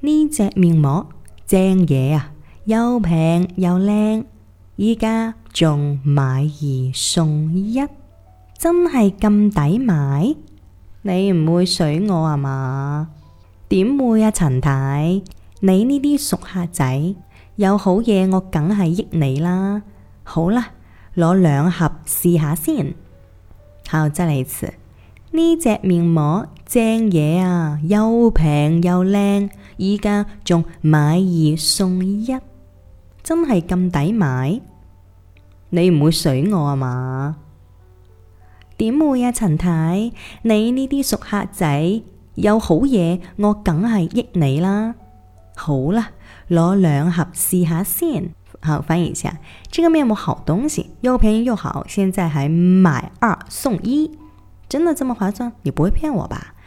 呢隻面膜正嘢啊，又平又靚，依家仲買二送一，真係咁抵買？你唔會水我啊嘛？點會啊，陳太，你呢啲熟客仔有好嘢，我梗係益你啦。好啦，攞兩盒試下先。好，再來一次。呢隻面膜正嘢啊，又平又靚。依家仲買二送一，真係咁抵買？你唔會水我啊嘛？點會啊，陳太，你呢啲熟客仔有好嘢，我梗係益你啦。好啦，攞兩盒試下先。好，翻譯一下，這個面膜好東西，又便宜又好，現在還買二送一，真的這麼划算？你不會騙我吧？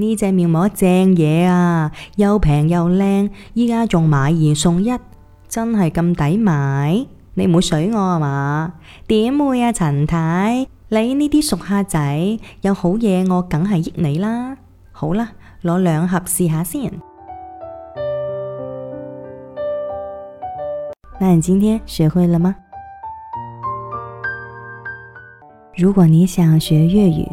呢隻面膜正嘢啊，又平又靚，依家仲買二送一，真係咁抵買？你唔會水我啊嘛？點會啊，陳太，你呢啲熟客仔，有好嘢我梗係益你啦。好啦，攞兩盒試下先。那你今天學會了嗎？如果你想學粵語。